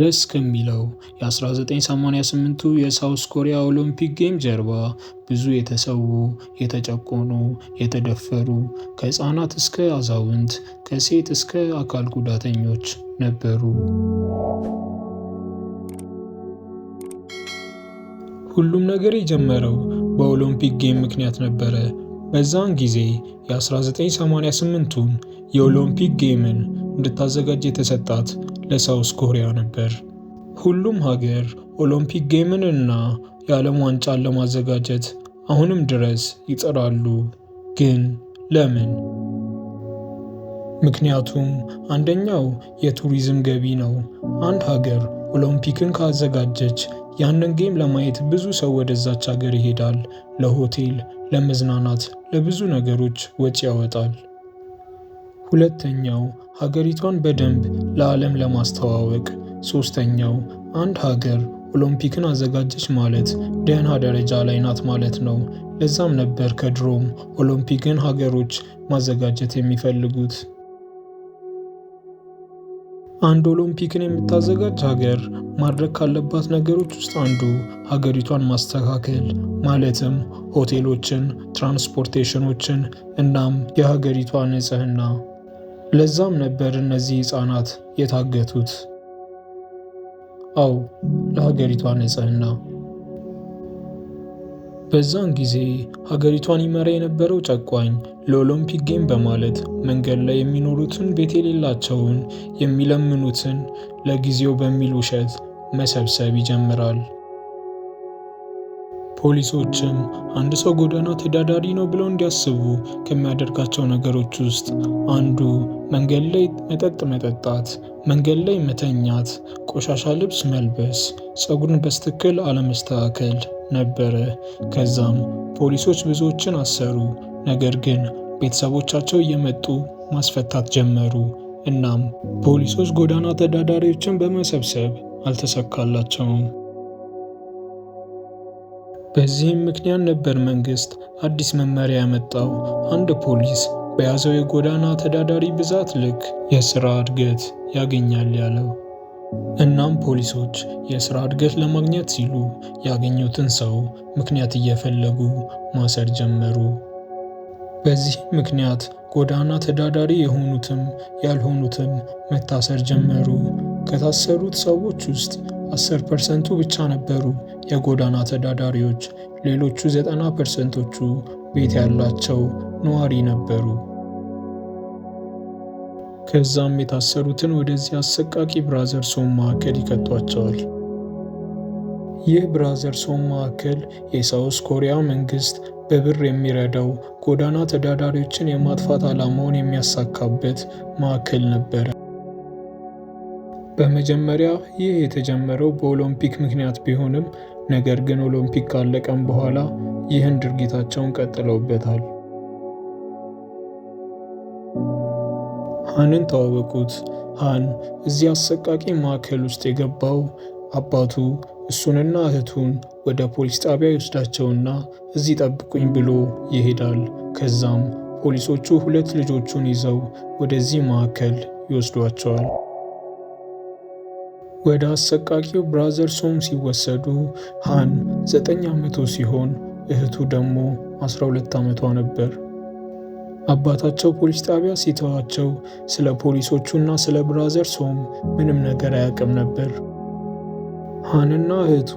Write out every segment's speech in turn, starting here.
ደስ ከሚለው የ1988ቱ የሳውስ ኮሪያ ኦሎምፒክ ጌም ጀርባ ብዙ የተሰዉ፣ የተጨቆኑ፣ የተደፈሩ ከህፃናት እስከ አዛውንት፣ ከሴት እስከ አካል ጉዳተኞች ነበሩ። ሁሉም ነገር የጀመረው በኦሎምፒክ ጌም ምክንያት ነበረ። በዛን ጊዜ የ1988ቱን የኦሎምፒክ ጌምን እንድታዘጋጅ የተሰጣት ለሳውስ ኮሪያ ነበር። ሁሉም ሀገር ኦሎምፒክ ጌምን እና የዓለም ዋንጫን ለማዘጋጀት አሁንም ድረስ ይጠራሉ። ግን ለምን? ምክንያቱም አንደኛው የቱሪዝም ገቢ ነው። አንድ ሀገር ኦሎምፒክን ካዘጋጀች ያንን ጌም ለማየት ብዙ ሰው ወደዛች ሀገር ይሄዳል። ለሆቴል፣ ለመዝናናት፣ ለብዙ ነገሮች ወጪ ያወጣል። ሁለተኛው ሀገሪቷን በደንብ ለዓለም ለማስተዋወቅ። ሶስተኛው አንድ ሀገር ኦሎምፒክን አዘጋጀች ማለት ደህና ደረጃ ላይ ናት ማለት ነው። ለዛም ነበር ከድሮም ኦሎምፒክን ሀገሮች ማዘጋጀት የሚፈልጉት። አንድ ኦሎምፒክን የምታዘጋጅ ሀገር ማድረግ ካለባት ነገሮች ውስጥ አንዱ ሀገሪቷን ማስተካከል ማለትም ሆቴሎችን፣ ትራንስፖርቴሽኖችን እናም የሀገሪቷ ንጽህና ለዛም ነበር እነዚህ ህፃናት የታገቱት። አው ለሀገሪቷ ንጽህና። በዛን ጊዜ ሀገሪቷን ይመራ የነበረው ጨቋኝ ለኦሎምፒክ ጌም በማለት መንገድ ላይ የሚኖሩትን ቤት የሌላቸውን የሚለምኑትን ለጊዜው በሚል ውሸት መሰብሰብ ይጀምራል። ፖሊሶችም አንድ ሰው ጎዳና ተዳዳሪ ነው ብለው እንዲያስቡ ከሚያደርጋቸው ነገሮች ውስጥ አንዱ መንገድ ላይ መጠጥ መጠጣት፣ መንገድ ላይ መተኛት፣ ቆሻሻ ልብስ መልበስ፣ ፀጉርን በስትክል አለመስተካከል ነበረ። ከዛም ፖሊሶች ብዙዎችን አሰሩ። ነገር ግን ቤተሰቦቻቸው እየመጡ ማስፈታት ጀመሩ። እናም ፖሊሶች ጎዳና ተዳዳሪዎችን በመሰብሰብ አልተሳካላቸውም። በዚህም ምክንያት ነበር መንግስት አዲስ መመሪያ ያመጣው። አንድ ፖሊስ በያዘው የጎዳና ተዳዳሪ ብዛት ልክ የስራ እድገት ያገኛል ያለው። እናም ፖሊሶች የስራ እድገት ለማግኘት ሲሉ ያገኙትን ሰው ምክንያት እየፈለጉ ማሰር ጀመሩ። በዚህ ምክንያት ጎዳና ተዳዳሪ የሆኑትም ያልሆኑትም መታሰር ጀመሩ። ከታሰሩት ሰዎች ውስጥ 10 ፐርሰንቱ ብቻ ነበሩ የጎዳና ተዳዳሪዎች። ሌሎቹ ዘጠና ፐርሰንቶቹ ቤት ያላቸው ነዋሪ ነበሩ። ከዛም የታሰሩትን ወደዚህ አሰቃቂ ብራዘር ሶም ማዕከል ይከቷቸዋል። ይህ ብራዘር ሶም ማዕከል የሳውስ ኮሪያ መንግስት በብር የሚረዳው ጎዳና ተዳዳሪዎችን የማጥፋት ዓላማውን የሚያሳካበት ማዕከል ነበረ። በመጀመሪያ ይህ የተጀመረው በኦሎምፒክ ምክንያት ቢሆንም ነገር ግን ኦሎምፒክ ካለቀም በኋላ ይህን ድርጊታቸውን ቀጥለውበታል። ሃንን ተዋወቁት። ሃን እዚህ አሰቃቂ ማዕከል ውስጥ የገባው አባቱ እሱንና እህቱን ወደ ፖሊስ ጣቢያ ይወስዳቸውና እዚህ ጠብቁኝ ብሎ ይሄዳል። ከዛም ፖሊሶቹ ሁለት ልጆቹን ይዘው ወደዚህ ማዕከል ይወስዷቸዋል። ወደ አሰቃቂው ብራዘርስ ሆም ሲወሰዱ ሃን ዘ9 ዓመቱ ሲሆን እህቱ ደግሞ 12 ዓመቷ ነበር። አባታቸው ፖሊስ ጣቢያ ሲተዋቸው ስለ ፖሊሶቹና ስለ ብራዘርስ ሆም ምንም ነገር አያውቅም ነበር። ሃንና እህቱ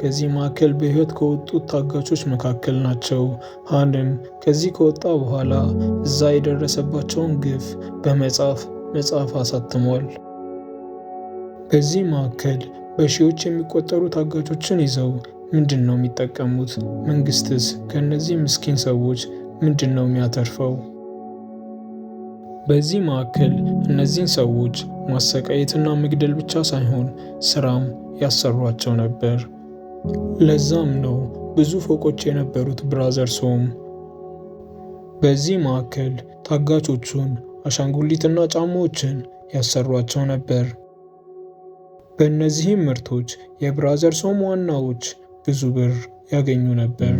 ከዚህ ማዕከል በህይወት ከወጡት ታጋቾች መካከል ናቸው። ሃንም ከዚህ ከወጣ በኋላ እዛ የደረሰባቸውን ግፍ በመጻፍ መጽሐፍ አሳትሟል። በዚህ ማዕከል በሺዎች የሚቆጠሩ ታጋቾችን ይዘው ምንድን ነው የሚጠቀሙት? መንግስትስ ከእነዚህ ምስኪን ሰዎች ምንድን ነው የሚያተርፈው? በዚህ ማዕከል እነዚህን ሰዎች ማሰቃየትና መግደል ብቻ ሳይሆን ስራም ያሰሯቸው ነበር። ለዛም ነው ብዙ ፎቆች የነበሩት ብራዘርስ ሆም። በዚህ ማዕከል ታጋቾቹን አሻንጉሊትና ጫማዎችን ያሰሯቸው ነበር። በእነዚህም ምርቶች የብራዘርሶም ዋናዎች ብዙ ብር ያገኙ ነበር።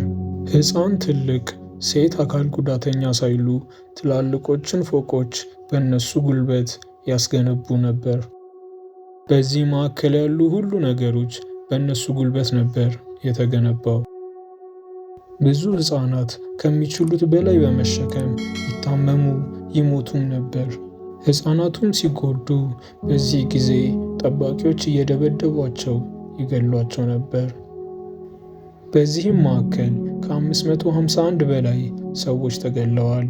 ሕፃን፣ ትልቅ፣ ሴት፣ አካል ጉዳተኛ ሳይሉ ትላልቆችን ፎቆች በእነሱ ጉልበት ያስገነቡ ነበር። በዚህ ማዕከል ያሉ ሁሉ ነገሮች በእነሱ ጉልበት ነበር የተገነባው። ብዙ ሕፃናት ከሚችሉት በላይ በመሸከም ይታመሙ፣ ይሞቱም ነበር። ሕፃናቱም ሲጎዱ በዚህ ጊዜ ጠባቂዎች እየደበደቧቸው ይገሏቸው ነበር። በዚህም ማዕከል ከ551 በላይ ሰዎች ተገለዋል።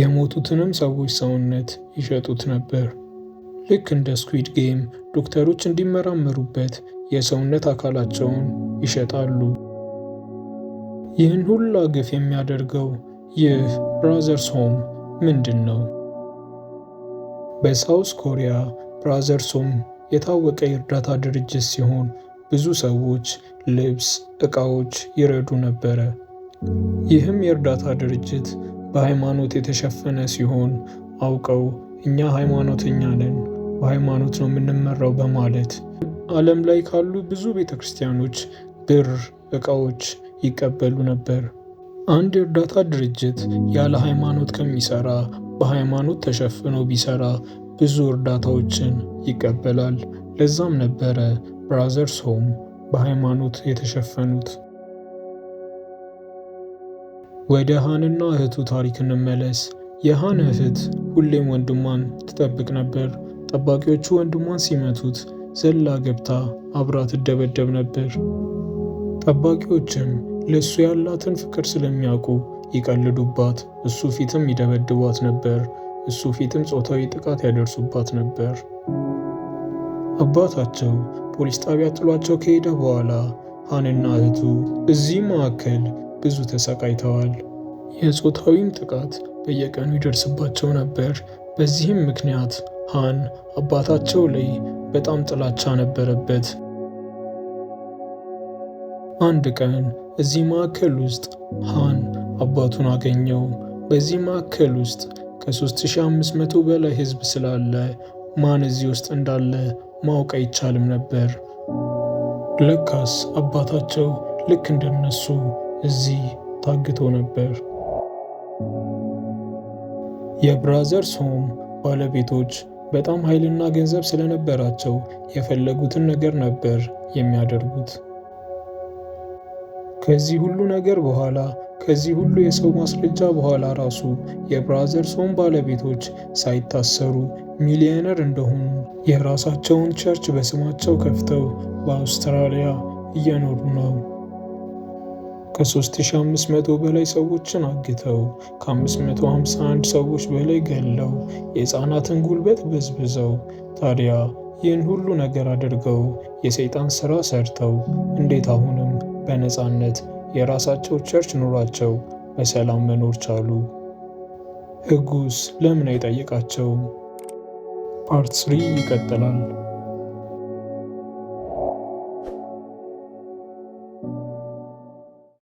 የሞቱትንም ሰዎች ሰውነት ይሸጡት ነበር። ልክ እንደ ስኩዊድ ጌም ዶክተሮች እንዲመራመሩበት የሰውነት አካላቸውን ይሸጣሉ። ይህን ሁላ ግፍ የሚያደርገው ይህ ብራዘርስ ሆም ምንድን ነው? በሳውስ ኮሪያ ሶም የታወቀ የእርዳታ ድርጅት ሲሆን ብዙ ሰዎች ልብስ፣ ዕቃዎች ይረዱ ነበረ። ይህም የእርዳታ ድርጅት በሃይማኖት የተሸፈነ ሲሆን አውቀው እኛ ሃይማኖተኛ ነን፣ በሃይማኖት ነው የምንመራው በማለት ዓለም ላይ ካሉ ብዙ ቤተ ክርስቲያኖች ብር፣ ዕቃዎች ይቀበሉ ነበር። አንድ የእርዳታ ድርጅት ያለ ሃይማኖት ከሚሰራ በሃይማኖት ተሸፍኖ ቢሰራ ብዙ እርዳታዎችን ይቀበላል። ለዛም ነበረ ብራዘርስ ሆም በሃይማኖት የተሸፈኑት። ወደ ሃንና እህቱ ታሪክ እንመለስ። የሃን እህት ሁሌም ወንድሟን ትጠብቅ ነበር። ጠባቂዎቹ ወንድሟን ሲመቱት ዘላ ገብታ አብራ ትደበደብ ነበር። ጠባቂዎችም ለእሱ ያላትን ፍቅር ስለሚያውቁ ይቀልዱባት፣ እሱ ፊትም ይደበድቧት ነበር። እሱ ፊትም ጾታዊ ጥቃት ያደርሱባት ነበር። አባታቸው ፖሊስ ጣቢያ ጥሏቸው ከሄደ በኋላ ሃንና እህቱ እዚህ ማዕከል ብዙ ተሰቃይተዋል። የጾታዊም ጥቃት በየቀኑ ይደርስባቸው ነበር። በዚህም ምክንያት ሃን አባታቸው ላይ በጣም ጥላቻ ነበረበት። አንድ ቀን እዚህ ማዕከል ውስጥ ሃን አባቱን አገኘው። በዚህ ማዕከል ውስጥ ከ3500 በላይ ህዝብ ስላለ ማን እዚህ ውስጥ እንዳለ ማወቅ አይቻልም ነበር። ለካስ አባታቸው ልክ እንደነሱ እዚህ ታግቶ ነበር። የብራዘርስ ሆም ባለቤቶች በጣም ኃይልና ገንዘብ ስለነበራቸው የፈለጉትን ነገር ነበር የሚያደርጉት። ከዚህ ሁሉ ነገር በኋላ ከዚህ ሁሉ የሰው ማስረጃ በኋላ ራሱ የብራዘርስ ባለቤቶች ሳይታሰሩ ሚሊዮነር እንደሆኑ የራሳቸውን ቸርች በስማቸው ከፍተው በአውስትራሊያ እየኖሩ ነው። ከ3500 በላይ ሰዎችን አግተው ከ551 ሰዎች በላይ ገለው የሕፃናትን ጉልበት በዝብዘው ታዲያ ይህን ሁሉ ነገር አድርገው የሰይጣን ሥራ ሰርተው እንዴት አሁንም በነፃነት የራሳቸው ቸርች ኑሯቸው በሰላም መኖር ቻሉ። ህጉስ ለምን አይጠይቃቸውም? ፓርት ስሪ ይቀጥላል።